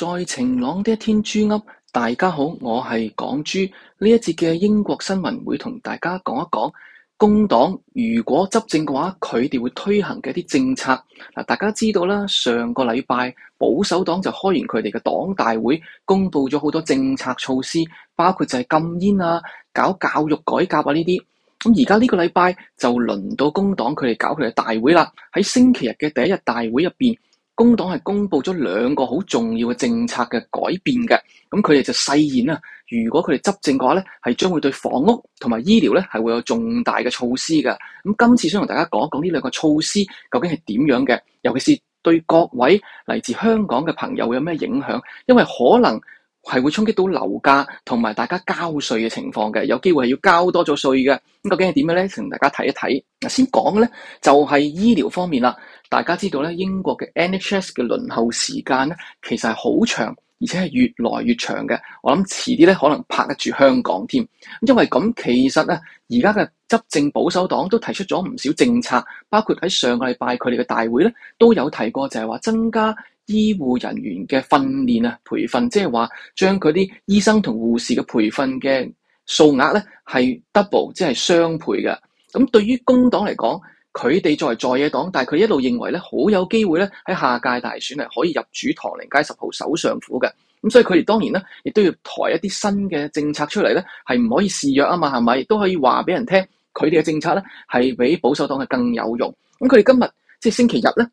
在晴朗的一天，豬噏大家好，我係港豬。呢一節嘅英國新聞會同大家講一講工黨如果執政嘅話，佢哋會推行嘅一啲政策。大家知道啦，上個禮拜保守黨就開完佢哋嘅黨大會，公布咗好多政策措施，包括就係禁煙啊、搞教育改革啊呢啲。咁而家呢個禮拜就輪到工黨佢哋搞佢哋嘅大會啦。喺星期日嘅第一日大會入面。工黨係公布咗兩個好重要嘅政策嘅改變嘅，咁佢哋就誓言啊，如果佢哋執政嘅話呢，係將會對房屋同埋醫療咧係會有重大嘅措施嘅。咁今次想同大家講一講呢兩個措施究竟係點樣嘅，尤其是對各位嚟自香港嘅朋友會有咩影響，因為可能，係會衝擊到樓價同埋大家交稅嘅情況嘅，有機會係要交多咗稅嘅。咁究竟係點樣咧？同大家睇一睇。嗱，先講咧就係醫療方面啦。大家知道咧，英國嘅 NHS 嘅輪候時間咧其實係好長，而且係越來越長嘅。我諗遲啲咧可能拍得住香港添。因為咁，其實咧而家嘅執政保守黨都提出咗唔少政策，包括喺上個禮拜佢哋嘅大會咧都有提過，就係話增加。醫護人員嘅訓練啊，培訓即係話將佢啲醫生同護士嘅培訓嘅數額咧係 double，即係雙倍嘅。咁對於工黨嚟講，佢哋作為在野黨，但係佢一路認為咧，好有機會咧喺下屆大選係可以入主唐寧街十號首相府嘅。咁所以佢哋當然咧，亦都要抬一啲新嘅政策出嚟咧，係唔可以示弱啊嘛，係咪，亦都可以話俾人聽，佢哋嘅政策咧係比保守黨係更有用。咁佢哋今日即係星期日咧。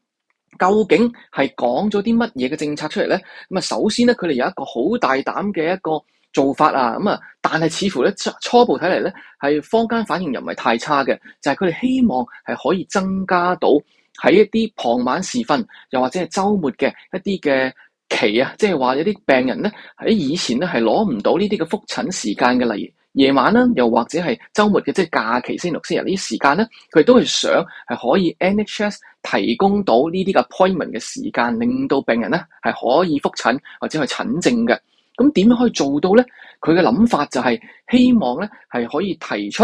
究竟係講咗啲乜嘢嘅政策出嚟咧？咁啊，首先咧，佢哋有一個好大膽嘅一個做法啊！咁啊，但係似乎咧，初步睇嚟咧，係坊間反應又唔係太差嘅，就係佢哋希望係可以增加到喺一啲傍晚時分，又或者係週末嘅一啲嘅期啊，即係話有啲病人咧喺以前咧係攞唔到呢啲嘅覆診時間嘅，例如。夜晚啦，又或者係週末嘅，即係假期、星期六、星期日呢啲時間咧，佢都係想係可以 NHS 提供到呢啲嘅 appointment 嘅時間，令到病人咧係可以復診或者去診症嘅。咁點樣可以做到咧？佢嘅諗法就係希望咧係可以提出。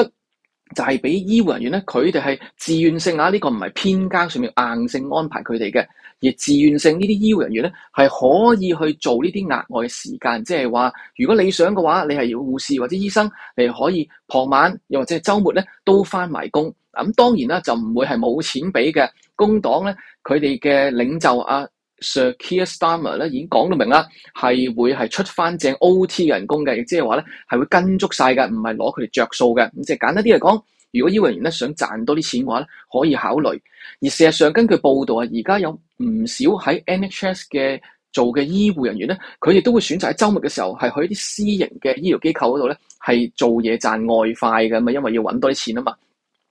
就係俾醫護人員咧，佢哋係自願性啊！呢、這個唔係偏階上面硬性安排佢哋嘅，而自願性呢啲醫護人員咧，係可以去做呢啲額外嘅時間，即係話如果你想嘅話，你係護士或者醫生，你可以傍晚又或者週末咧都翻埋工。咁、嗯、當然啦，就唔會係冇錢俾嘅。工黨咧，佢哋嘅領袖啊。Sir Keir Starmer 咧已經講到明啦，係會係出翻正 OT 嘅人工嘅，亦即係話咧係會跟足晒嘅，唔係攞佢哋着數嘅。咁即係簡單啲嚟講，如果醫護人員咧想賺多啲錢嘅話咧，可以考慮。而事實上根據報道啊，而家有唔少喺 NHS 嘅做嘅醫護人員咧，佢哋都會選擇喺周末嘅時候係去一啲私營嘅醫療機構嗰度咧係做嘢賺外快嘅，咁啊因為要揾多啲錢啊嘛。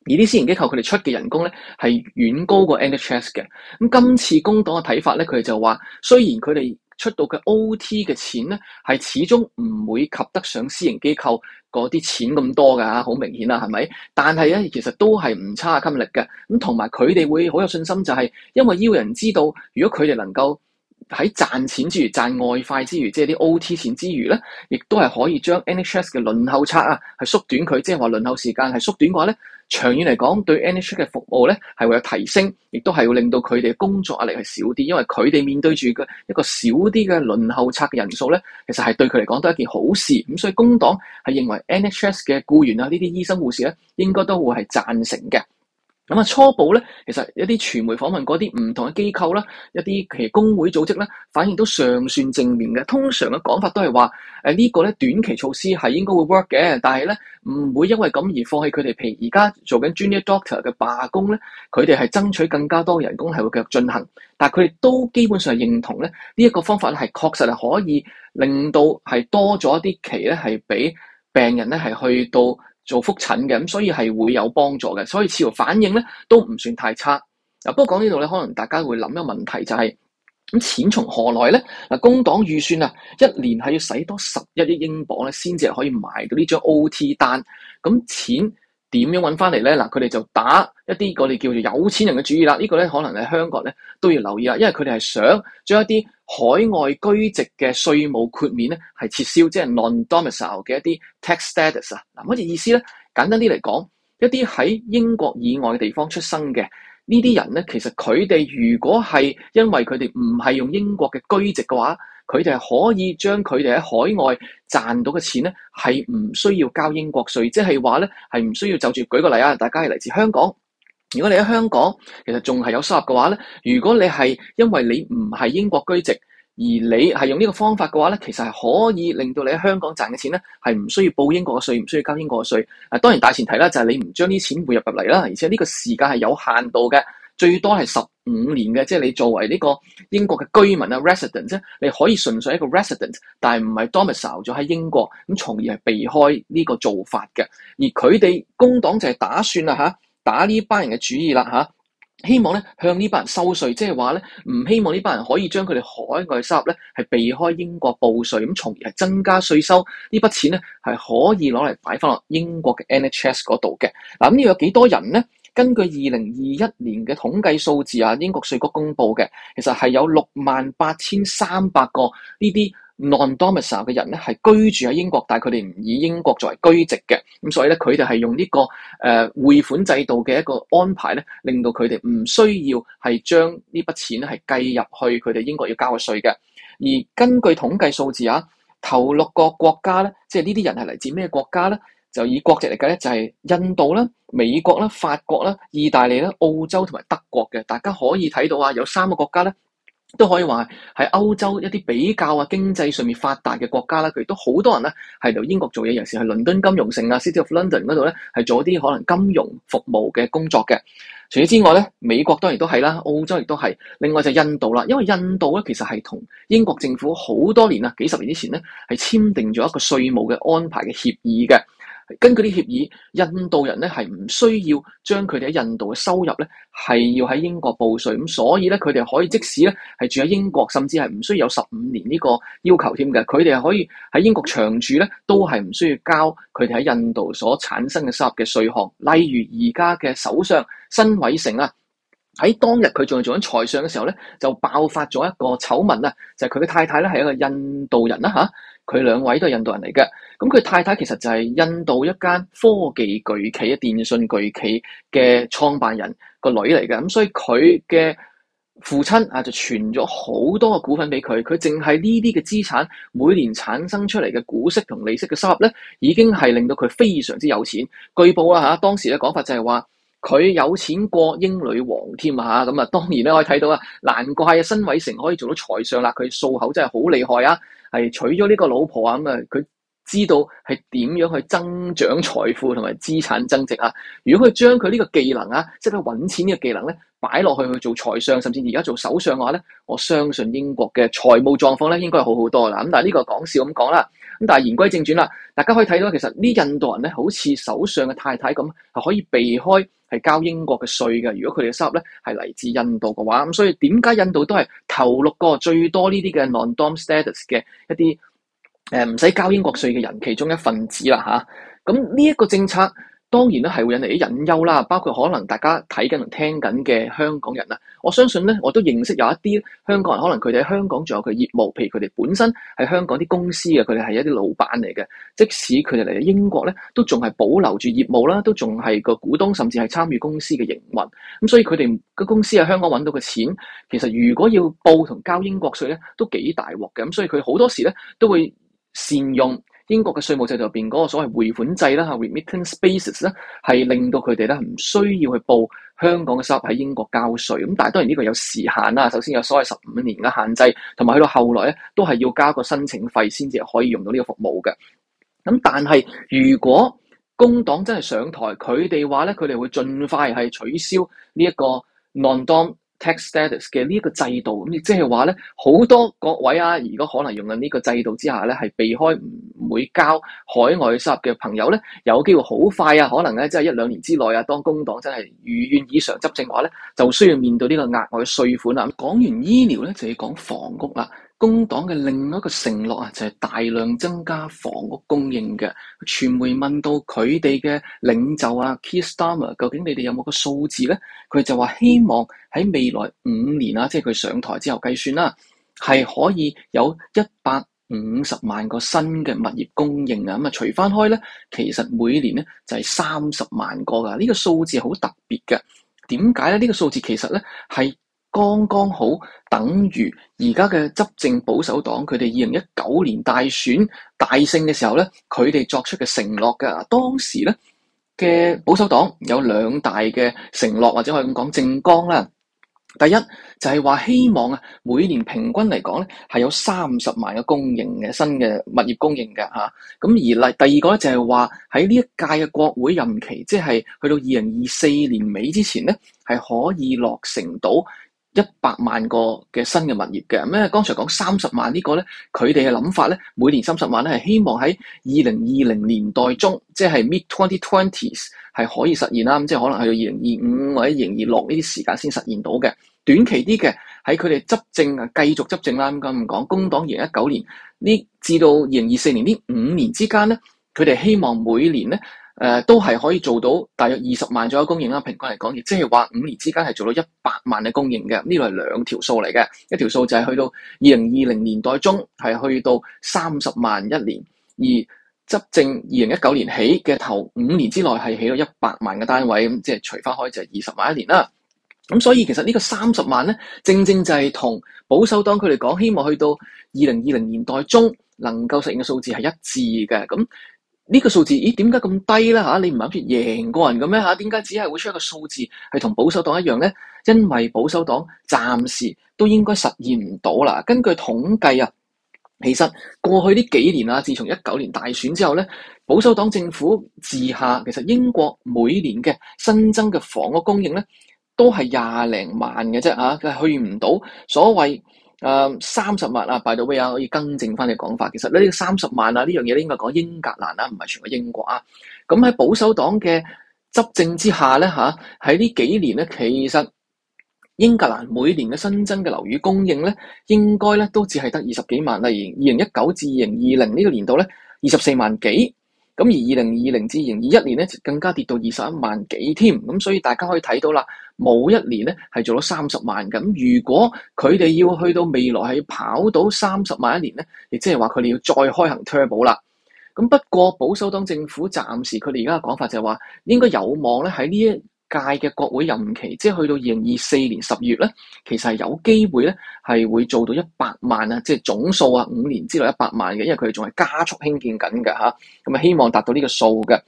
而啲私營機構佢哋出嘅人工咧係遠高過 NHS 嘅，咁今次工黨嘅睇法咧，佢哋就話雖然佢哋出到嘅 OT 嘅錢咧係始終唔會及得上私營機構嗰啲錢咁多噶吓，好明顯啦、啊，係咪？但係咧其實都係唔差吸引力嘅，咁同埋佢哋會好有信心就係、是，因為要人知道，如果佢哋能夠。喺賺錢之餘賺外快之餘，即係啲 OT 錢之餘咧，亦都係可以將 NHS 嘅輪候冊啊，係縮短佢，即係話輪候時間係縮短嘅話咧，長遠嚟講對 NHS 嘅服務咧係會有提升，亦都係會令到佢哋工作壓力係少啲，因為佢哋面對住嘅一個少啲嘅輪候冊嘅人數咧，其實係對佢嚟講都係一件好事。咁所以工黨係認為 NHS 嘅僱員啊，呢啲醫生護士咧，應該都會係贊成嘅。咁啊，初步咧，其實一啲傳媒訪問嗰啲唔同嘅機構啦，一啲其實工會組織咧，反應都尚算正面嘅。通常嘅講法都係話，誒、呃這個、呢個咧短期措施係應該會 work 嘅，但係咧唔會因為咁而放棄佢哋。譬如而家做緊 Junior Doctor 嘅罷工咧，佢哋係爭取更加多人工係會繼續進行。但係佢哋都基本上係認同咧，呢、這、一個方法咧係確實係可以令到係多咗一啲期咧係俾病人咧係去到。做覆診嘅，咁所以係會有幫助嘅，所以市道反應咧都唔算太差。嗱、啊，不過講呢度咧，可能大家會諗一個問題，就是，就係咁錢從何來咧？嗱、啊，工黨預算啊，一年係要使多十一億英鎊咧，先至可以買到呢張 OT 單。咁、啊、錢點樣揾翻嚟咧？嗱、啊，佢哋就打一啲我哋叫做有錢人嘅主意啦。這個、呢個咧，可能喺香港咧都要留意啦，因為佢哋係想將一啲。海外居籍嘅稅務豁免咧，係撤銷，即係 non-domicile 嘅一啲 tax status 啊！嗱，乜嘢意思咧？簡單啲嚟講，一啲喺英國以外嘅地方出生嘅呢啲人咧，其實佢哋如果係因為佢哋唔係用英國嘅居籍嘅話，佢哋係可以將佢哋喺海外賺到嘅錢咧，係唔需要交英國稅，即係話咧係唔需要就住舉個例啊，大家係嚟自香港。如果你喺香港，其實仲係有收入嘅話咧，如果你係因為你唔係英國居籍，而你係用呢個方法嘅話咧，其實係可以令到你喺香港賺嘅錢咧，係唔需要報英國嘅稅，唔需要交英國嘅稅。啊，當然大前提啦，就係你唔將啲錢匯入入嚟啦，而且呢個時間係有限度嘅，最多係十五年嘅。即係你作為呢個英國嘅居民啊，resident 啫，你可以純粹一個 resident，但係唔係 domicile 咗喺英國，咁從而係避開呢個做法嘅。而佢哋工黨就係打算啊嚇。打呢班人嘅主意啦嚇、啊，希望咧向呢班人收稅，即係話咧唔希望呢班人可以將佢哋海外收入咧係避開英國報稅，咁從而係增加稅收，呢筆錢咧係可以攞嚟擺翻落英國嘅 NHS 嗰度嘅。嗱、啊、咁呢度有幾多人咧？根據二零二一年嘅統計數字啊，英國稅局公布嘅，其實係有六萬八千三百個呢啲。Non-domicile 嘅人咧，係居住喺英國，但係佢哋唔以英國作為居籍嘅，咁所以咧，佢哋係用呢、這個誒、呃、匯款制度嘅一個安排咧，令到佢哋唔需要係將呢筆錢咧係計入去佢哋英國要交嘅稅嘅。而根據統計數字啊，頭六個國家咧，即係呢啲人係嚟自咩國家咧？就以國籍嚟計咧，就係、是、印度啦、美國啦、法國啦、意大利啦、澳洲同埋德國嘅。大家可以睇到啊，有三個國家咧。都可以話係歐洲一啲比較啊經濟上面發達嘅國家啦，佢亦都好多人咧係嚟英國做嘢，尤其係倫敦金融城啊、City of London 嗰度咧係做一啲可能金融服務嘅工作嘅。除此之外咧，美國當然都係啦，澳洲亦都係。另外就印度啦，因為印度咧其實係同英國政府好多年啊幾十年之前咧係簽訂咗一個稅務嘅安排嘅協議嘅。根據啲協議，印度人咧係唔需要將佢哋喺印度嘅收入咧係要喺英國報稅，咁所以咧佢哋可以即使咧係住喺英國，甚至係唔需要有十五年呢個要求添嘅，佢哋係可以喺英國長住咧都係唔需要交佢哋喺印度所產生嘅收入嘅稅項。例如而家嘅首相辛偉誠啊，喺當日佢仲係做緊財相嘅時候咧，就爆發咗一個醜聞啊，就係佢嘅太太咧係一個印度人啦嚇。佢兩位都係印度人嚟嘅，咁佢太太其實就係印度一間科技巨企嘅電訊巨企嘅創辦人個女嚟嘅，咁所以佢嘅父親啊就傳咗好多嘅股份俾佢，佢淨係呢啲嘅資產每年產生出嚟嘅股息同利息嘅收入咧，已經係令到佢非常之有錢。據報啊嚇，當時嘅講法就係話佢有錢過英女王添啊嚇，咁啊當然咧可以睇到啊，難怪啊辛偉誠可以做到財相啦，佢數口真係好厲害啊！係娶咗呢個老婆啊，咁啊佢知道係點樣去增長財富同埋資產增值啊！如果佢將佢呢個技能啊，即係呢，揾錢呢個技能呢，擺落去去做財相，甚至而家做首相嘅話呢，我相信英國嘅財務狀況呢應該好好多啦。咁但係呢個講笑咁講啊！咁但係言歸正傳啦，大家可以睇到其實呢印度人咧，好似首相嘅太太咁，係可以避開係交英國嘅稅嘅。如果佢哋嘅收入咧係嚟自印度嘅話，咁所以點解印度都係頭六個最多呢啲嘅 non-dom status 嘅一啲誒唔使交英國稅嘅人其中一份子啦嚇。咁呢一個政策。當然咧，係會引嚟啲隱憂啦，包括可能大家睇緊同聽緊嘅香港人啊，我相信咧，我都認識有一啲香港人，可能佢哋喺香港仲有佢業務，譬如佢哋本身係香港啲公司嘅，佢哋係一啲老闆嚟嘅。即使佢哋嚟英國咧，都仲係保留住業務啦，都仲係個股東，甚至係參與公司嘅營運。咁所以佢哋個公司喺香港揾到嘅錢，其實如果要報同交英國稅咧，都幾大鑊嘅。咁所以佢好多時咧，都會善用。英國嘅稅務制度入邊嗰個所謂匯款制啦，哈 remittance basis 咧，係令到佢哋咧唔需要去報香港嘅收入喺英國交稅。咁但係當然呢個有時限啦，首先有所謂十五年嘅限制，同埋去到後來咧都係要加一個申請費先至可以用到呢個服務嘅。咁但係如果工黨真係上台，佢哋話咧佢哋會盡快係取消呢一個 non-dom tax status 嘅呢一個制度。咁亦即係話咧，好多各位啊，如果可能用緊呢個制度之下咧，係避開唔～會交海外收入嘅朋友咧，有機會好快啊，可能咧即係一兩年之內啊，當工黨真係如願以償執政嘅話咧，就需要面對呢個額外嘅稅款啦。講完醫療咧，就要講房屋啦。工黨嘅另一個承諾啊，就係大量增加房屋供應嘅。傳媒問到佢哋嘅領袖啊，Keir Starmer，究竟你哋有冇個數字咧？佢就話希望喺未來五年啊，即係佢上台之後計算啦，係可以有一百五十萬個新嘅物業供應啊，咁啊除翻開咧，其實每年咧就係三十萬個㗎，這個、數呢、呢個數字好特別嘅。點解咧？呢個數字其實咧係剛剛好等於而家嘅執政保守黨佢哋二零一九年大選大勝嘅時候咧，佢哋作出嘅承諾㗎。當時咧嘅保守黨有兩大嘅承諾，或者可以咁講政綱啦。第一就係、是、話希望啊，每年平均嚟講咧，係有三十萬嘅供應嘅新嘅物業供應嘅吓。咁、啊、而例第二個咧就係話喺呢一屆嘅國會任期，即、就、係、是、去到二零二四年尾之前咧，係可以落成到。一百萬個嘅新嘅物業嘅，咩？因剛才講三十萬呢個咧，佢哋嘅諗法咧，每年三十萬咧係希望喺二零二零年代中，即係 mid twenty twenties 係可以實現啦，咁即係可能去到二零二五或者二零二六呢啲時間先實現到嘅。短期啲嘅喺佢哋執政啊，繼續執政啦，咁講工黨二零一九年呢，至到二零二四年呢五年之間咧，佢哋希望每年咧。誒、呃、都係可以做到，大約二十萬左右供應啦。平均嚟講，亦即係話五年之間係做到一百萬嘅供應嘅。呢個係兩條數嚟嘅，一條數就係去到二零二零年代中係去到三十萬一年，而執政二零一九年起嘅頭五年之內係起到一百萬嘅單位，咁、嗯、即係除翻開就係二十萬一年啦。咁、嗯、所以其實個呢個三十萬咧，正正就係同保守黨佢哋講希望去到二零二零年代中能夠實現嘅數字係一致嘅，咁、嗯。呢個數字，咦？點解咁低咧嚇？你唔係好似贏過人嘅咩嚇？點解只係會出一個數字係同保守黨一樣咧？因為保守黨暫時都應該實現唔到啦。根據統計啊，其實過去呢幾年啊，自從一九年大選之後咧，保守黨政府治下，其實英國每年嘅新增嘅房屋供應咧，都係廿零萬嘅啫嚇，佢係去唔到所謂。誒三十萬啊，by the way 可以更正翻你講法。其實呢個三十萬啊，呢樣嘢咧應該講英格蘭啊，唔係全個英國啊。咁、嗯、喺保守黨嘅執政之下咧，嚇喺呢幾年咧，其實英格蘭每年嘅新增嘅樓宇供應咧，應該咧都只係得二十幾萬。例如二零一九至二零二零呢個年度咧，二十四萬幾。咁而二零二零至二零二一年咧就更加跌到二十一萬幾添，咁、嗯、所以大家可以睇到啦，冇一年咧係做咗三十萬。咁、嗯、如果佢哋要去到未來係跑到三十萬一年咧，亦即係話佢哋要再開行 turbo 啦。咁、嗯、不過保守黨政府暫時佢哋而家嘅講法就係話，應該有望咧喺呢一屆嘅國會任期，即係去到二零二四年十月咧，其實係有機會咧，係會做到一百萬啊！即係總數啊，五年之內一百萬嘅，因為佢哋仲係加速興建緊嘅吓。咁啊，希望達到呢個數嘅。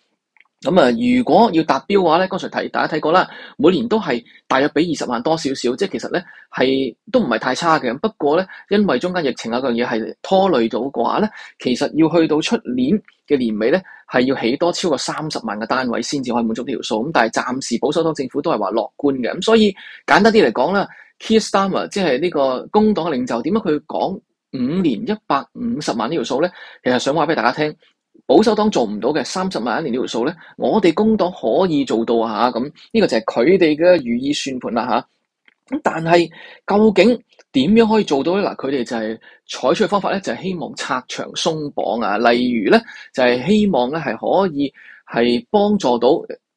咁啊、嗯，如果要達標嘅話咧，剛才提大家睇過啦，每年都係大約俾二十萬多少少，即係其實咧係都唔係太差嘅。不過咧，因為中間疫情有一樣嘢係拖累到嘅話咧，其實要去到出年嘅年尾咧，係要起多超過三十萬嘅單位先至可以滿足條數。咁但係暫時保守黨政府都係話樂觀嘅。咁所以簡單啲嚟講啦，Keir Starmer 即係呢個工黨嘅領袖，點解佢講五年一百五十萬呢條數咧？其實想話俾大家聽。保守黨做唔到嘅三十萬一年呢條數咧，我哋工黨可以做到下咁，呢個就係佢哋嘅如意算盤啦吓。咁但係究竟點樣可以做到咧？嗱，佢哋就係採取嘅方法咧，就係希望拆牆鬆綁啊，例如咧就係希望咧係可以係幫助到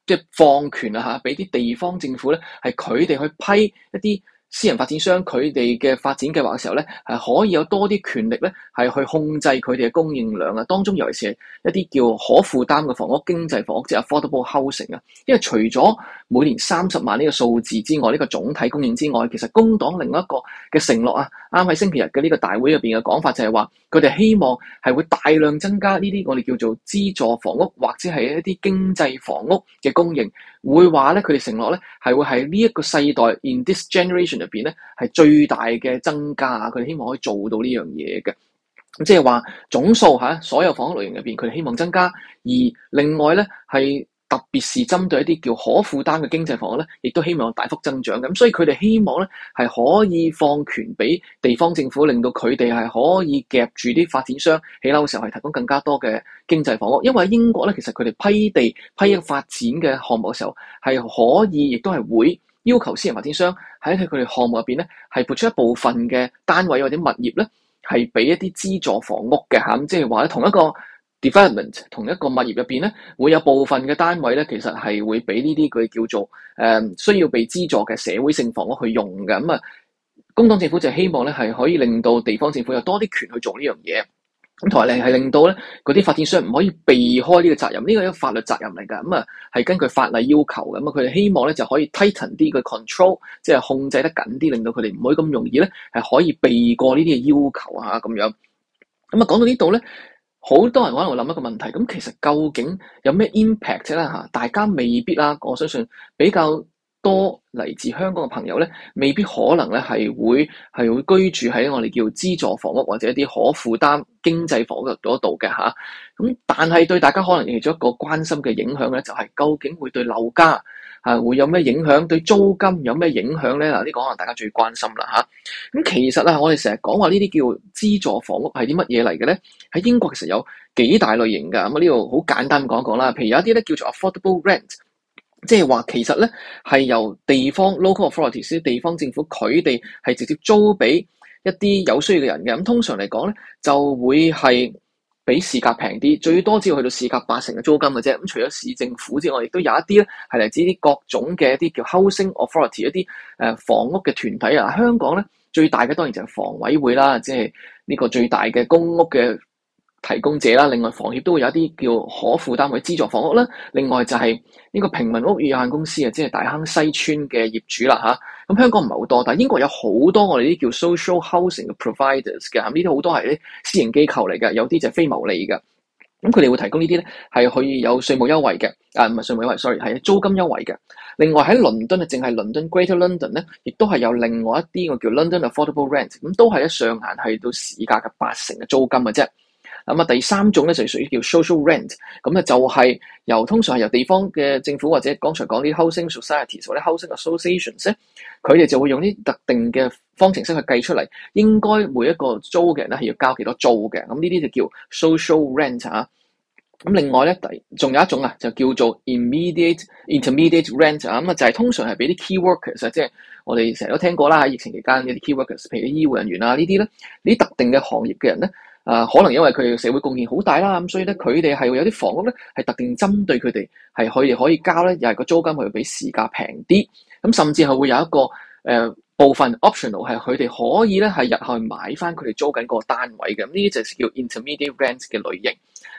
即係放權啊吓，俾啲地方政府咧係佢哋去批一啲。私人發展商佢哋嘅發展計劃嘅時候咧，係可以有多啲權力咧，係去控制佢哋嘅供應量啊。當中尤其是一啲叫可負擔嘅房屋、經濟房屋，即係 affordable housing 啊。因為除咗每年三十萬呢個數字之外，呢個總體供應之外，其實工黨另一個嘅承諾啊。啱喺星期日嘅呢個大會入邊嘅講法就係話，佢哋希望係會大量增加呢啲我哋叫做資助房屋或者係一啲經濟房屋嘅供應會呢，會話咧佢哋承諾咧係會喺呢一個世代 in this generation 入邊咧係最大嘅增加，佢哋希望可以做到呢樣嘢嘅，即係話總數嚇所有房屋類型入邊佢哋希望增加，而另外咧係。特別是針對一啲叫可負擔嘅經濟房屋咧，亦都希望大幅增長咁，所以佢哋希望咧係可以放權俾地方政府，令到佢哋係可以夾住啲發展商起樓嘅時候係提供更加多嘅經濟房屋。因為英國咧，其實佢哋批地批發,發展嘅項目嘅時候係可以，亦都係會要求私人發展商喺佢哋項目入邊咧係撥出一部分嘅單位或者物業咧係俾一啲資助房屋嘅嚇，咁即係話同一個。development 同一個物業入邊咧，會有部分嘅單位咧，其實係會俾呢啲佢叫做誒、呃、需要被資助嘅社會性房屋去用嘅。咁、嗯、啊，工黨政府就希望咧係可以令到地方政府有多啲權去做呢樣嘢。咁同埋咧係令到咧嗰啲發展商唔可以避開呢個責任，呢、這個係一個法律責任嚟㗎。咁啊係根據法例要求嘅。咁、嗯、啊，佢哋希望咧就可以 tighten 啲嘅 control，即係控制得緊啲，令到佢哋唔會咁容易咧係可以避過呢啲嘅要求啊咁樣。咁、嗯、啊，講到呢度咧。好多人可能會諗一個問題，咁其實究竟有咩 impact 咧嚇？大家未必啦，我相信比較多嚟自香港嘅朋友咧，未必可能咧係會係會居住喺我哋叫資助房屋或者一啲可負擔經濟房屋嗰度嘅嚇。咁但係對大家可能其中一個關心嘅影響咧，就係、是、究竟會對樓價係會有咩影響？對租金有咩影響咧？嗱，呢個可能大家最關心啦嚇。咁其實咧，我哋成日講話呢啲叫資助房屋係啲乜嘢嚟嘅咧？喺英國其實有幾大類型㗎。咁啊，呢度好簡單講一講啦。譬如有一啲咧叫做 affordable rent，即係話其實咧係由地方 local authorities，地方政府佢哋係直接租俾一啲有需要嘅人嘅。咁通常嚟講咧就會係。比市價平啲，最多只要去到市價八成嘅租金嘅啫。咁除咗市政府之外，亦都有一啲咧係嚟自啲各種嘅一啲叫 housing authority 一啲誒房屋嘅團體啊。香港咧最大嘅當然就係房委會啦，即係呢個最大嘅公屋嘅。提供者啦，另外房協都會有一啲叫可負擔嘅資助房屋啦。另外就係呢個平民屋宇有限公司啊，即係大坑西村嘅業主啦，吓，咁香港唔係好多，但係英國有好多我哋啲叫 social housing providers 嘅，咁呢啲好多係啲私人機構嚟嘅，有啲就係非牟利嘅。咁佢哋會提供呢啲咧，係可以有稅務優惠嘅，啊，唔係稅務優惠，sorry 係租金優惠嘅。另外喺倫敦啊，淨係倫敦 Greater London 咧，亦都係有另外一啲我叫 London Affordable Rents，咁都係一上限係到市價嘅八成嘅租金嘅啫。咁啊、嗯，第三種咧就係屬於叫 social rent，咁、嗯、咧就係、是、由通常係由地方嘅政府或者剛才講啲 housing societies 或者 housing associations 佢哋就會用啲特定嘅方程式去計出嚟，應該每一個租嘅人咧係要交幾多租嘅。咁呢啲就叫 social rent 啊。咁、嗯、另外咧，第仲有一種啊，就叫做 immediate intermediate rent 啊。咁、嗯就是、啊，就係、是、通常係俾啲 key workers，即係我哋成日都聽過啦。喺疫情期間嘅啲 key workers，譬如啲醫護人員啊呢啲咧，呢啲特定嘅行業嘅人咧。啊，可能因為佢哋嘅社會貢獻好大啦，咁所以咧，佢哋係會有啲房屋咧，係特定針對佢哋係佢哋可以交咧，又係個租金會比市價平啲，咁甚至係會有一個誒、呃、部分 optional 係佢哋可以咧係日後買翻佢哋租緊個單位嘅，呢啲就係叫 intermediate rents 嘅類型。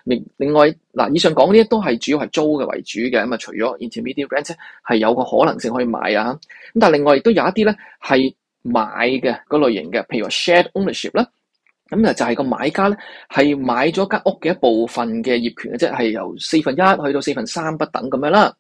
另另外嗱、啊，以上講呢啲都係主要係租嘅為主嘅，咁啊除咗 intermediate rents 係有個可能性可以買啊，咁但係另外亦都有一啲咧係買嘅個類型嘅，譬如話 shared ownership 啦。咁咧就係個買家咧，係買咗間屋嘅一部分嘅業權嘅啫，係由四分一去到四分三不等咁樣啦。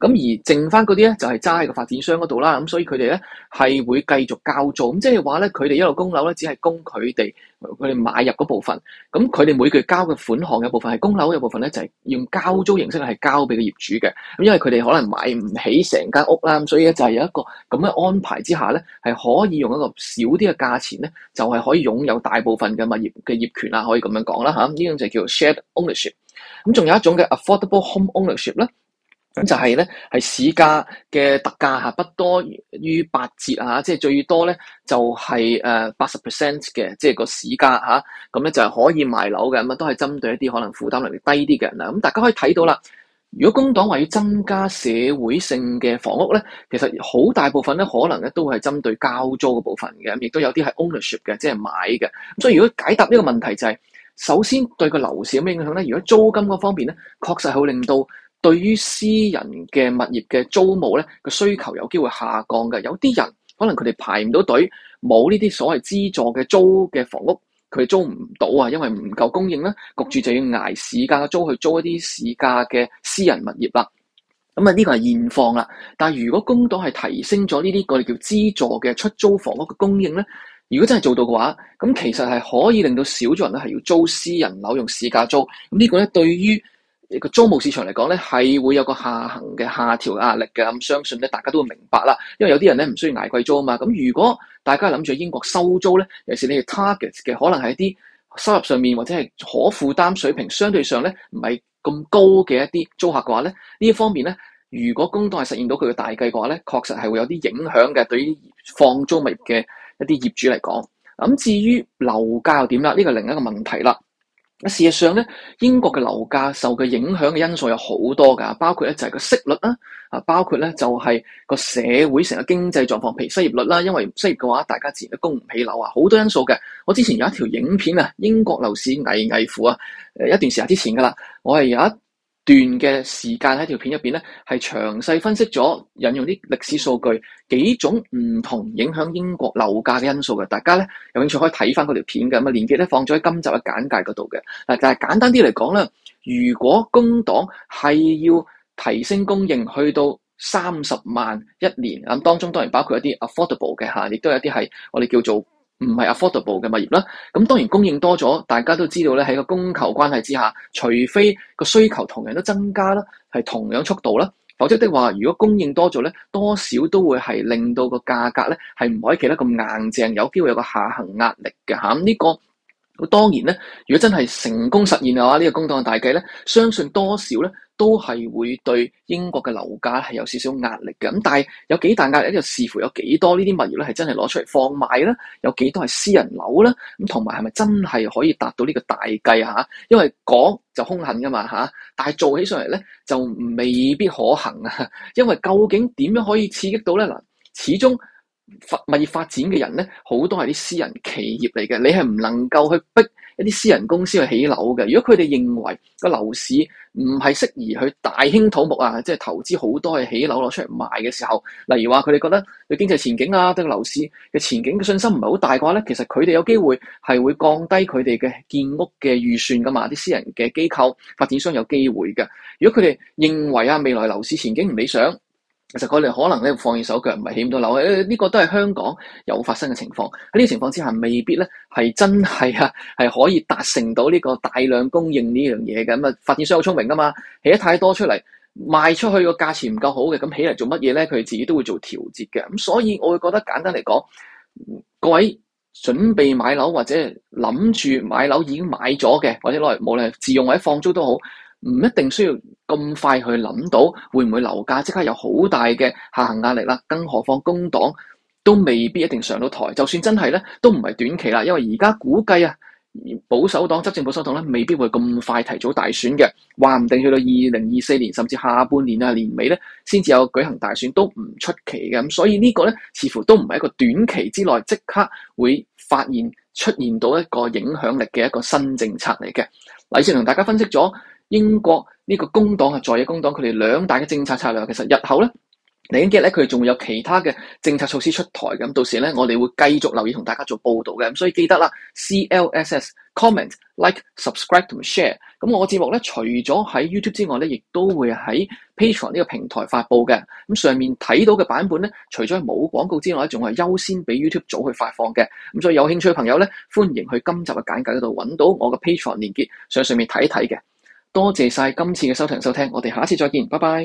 咁而剩翻嗰啲咧就係揸喺個發展商嗰度啦。咁所以佢哋咧係會繼續交租。咁即係話咧，佢哋一路供樓咧，只係供佢哋佢哋買入嗰部分，咁佢哋每個月交嘅款項嘅部分係供樓嘅部分咧，就係、是、用交租形式係交俾個業主嘅，因為佢哋可能買唔起成間屋啦，咁所以咧就係有一個咁嘅安排之下咧，係可以用一個少啲嘅價錢咧，就係、是、可以擁有大部分嘅物業嘅業權啦，可以咁樣講啦嚇，呢、啊、種就叫 shared ownership，咁仲有一種嘅 affordable home ownership 咧。咁就係咧，係市價嘅特價嚇，不多於八折啊！即係最多咧，就係誒八十 percent 嘅，即係個市價嚇。咁、啊、咧就係可以買樓嘅，咁啊都係針對一啲可能負擔能力低啲嘅人，咁、啊、大家可以睇到啦，如果工黨話要增加社會性嘅房屋咧，其實好大部分咧，可能咧都係針對交租嘅部分嘅，亦都有啲係 ownership 嘅，即係買嘅。咁、啊、所以如果解答呢個問題就係、是，首先對個樓市有咩影響咧？如果租金嗰方面咧，確實好令到。對於私人嘅物業嘅租務咧，個需求有機會下降嘅。有啲人可能佢哋排唔到隊，冇呢啲所謂資助嘅租嘅房屋，佢租唔到啊，因為唔夠供應咧，焗住就要挨市價租去租一啲市價嘅私人物業啦。咁、嗯、啊，呢、這個係現況啦。但係如果工黨係提升咗呢啲我哋叫資助嘅出租房屋嘅供應咧，如果真係做到嘅話，咁其實係可以令到少咗人咧係要租私人樓用市價租。咁、嗯這個、呢個咧對於個租務市場嚟講呢係會有個下行嘅下調嘅壓力嘅。咁、嗯、相信呢，大家都會明白啦。因為有啲人呢唔需要捱貴租嘛。咁、嗯、如果大家諗住英國收租咧，有時你哋 target 嘅可能係一啲收入上面或者係可負擔水平相對上咧唔係咁高嘅一啲租客嘅話咧，呢一方面呢，如果工黨係實現到佢嘅大計嘅話呢，確實係會有啲影響嘅。對於放租物業嘅一啲業主嚟講，咁、嗯、至於樓價又點啦？呢個另一個問題啦。事實上咧，英國嘅樓價受嘅影響嘅因素有好多㗎，包括咧就係個息率啦，啊，包括咧就係個社會成個經濟狀況，譬如失業率啦，因為失業嘅話，大家自然都供唔起樓啊，好多因素嘅。我之前有一條影片啊，英國樓市危危乎啊，誒一段時間之前㗎喇，我係有一段嘅時間，喺條片入邊咧，係詳細分析咗、引用啲歷史數據，幾種唔同影響英國樓價嘅因素嘅，大家咧有興趣可以睇翻嗰條片嘅。咁啊，連結咧放咗喺今集嘅簡介嗰度嘅嗱，但係簡單啲嚟講咧，如果工黨係要提升供應去到三十萬一年咁，當中當然包括一啲 affordable 嘅嚇，亦都有一啲係我哋叫做唔係 affordable 嘅物業啦，咁當然供應多咗，大家都知道咧，喺個供求關係之下，除非個需求同樣都增加啦，係同樣速度啦，否則的話，如果供應多咗咧，多少都會係令到個價格呢係唔可以企得咁硬淨，有機會有個下行壓力嘅。咁、這、呢個。咁當然咧，如果真係成功實現嘅話，呢個工黨大計咧，相信多少咧都係會對英國嘅樓價係有少少壓力嘅。咁但係有幾大壓力咧，就視乎有幾多呢啲物業咧係真係攞出嚟放賣咧，有幾多係私人樓咧，咁同埋係咪真係可以達到呢個大計啊？因為講就兇狠噶嘛嚇，但係做起上嚟咧就未必可行啊。因為究竟點樣可以刺激到咧嗱？始終。物業發，發展嘅人咧，好多係啲私人企業嚟嘅，你係唔能夠去逼一啲私人公司去起樓嘅。如果佢哋認為個樓市唔係適宜去大興土木啊，即係投資好多去起樓攞出嚟賣嘅時候，例如話佢哋覺得對經濟前景啊，對個樓市嘅前景嘅信心唔係好大嘅話咧，其實佢哋有機會係會降低佢哋嘅建屋嘅預算噶嘛。啲私人嘅機構發展商有機會嘅。如果佢哋認為啊未來樓市前景唔理想。其實佢哋可能咧放軟手腳，唔係起唔到樓。誒、這、呢個都係香港有發生嘅情況。喺呢個情況之下，未必咧係真係啊，係可以達成到呢個大量供應呢樣嘢嘅。咁啊，發展商好聰明噶嘛，起得太多出嚟，賣出去個價錢唔夠好嘅，咁起嚟做乜嘢咧？佢自己都會做調節嘅。咁所以，我會覺得簡單嚟講，各位準備買樓或者諗住買樓已經買咗嘅，或者攞嚟無論自用或者放租都好。唔一定需要咁快去諗到會唔會樓價即刻有好大嘅下行壓力啦。更何況工黨都未必一定上到台，就算真係咧，都唔係短期啦。因為而家估計啊，保守黨、執政保守黨咧，未必會咁快提早大選嘅。話唔定去到二零二四年甚至下半年啊、年尾咧，先至有舉行大選都唔出奇嘅。咁所以呢個咧，似乎都唔係一個短期之內即刻會發現出現到一個影響力嘅一個新政策嚟嘅。李先同大家分析咗。英國呢個工黨啊，在野工黨佢哋兩大嘅政策策略，其實日後咧，嚟緊嘅咧，佢哋仲會有其他嘅政策措施出台咁。到時咧，我哋會繼續留意同大家做報導嘅。咁所以記得啦，C L S S comment like subscribe 同埋 share。咁、嗯、我嘅節目咧，除咗喺 YouTube 之外咧，亦都會喺 Patreon 呢個平台發布嘅。咁、嗯、上面睇到嘅版本咧，除咗冇廣告之外，仲係優先俾 YouTube 早去發放嘅。咁、嗯、所以有興趣嘅朋友咧，歡迎去今集嘅簡介嗰度揾到我嘅 Patreon 連結，上上面睇一睇嘅。多謝晒今次嘅收聽收聽，我哋下次再見，拜拜。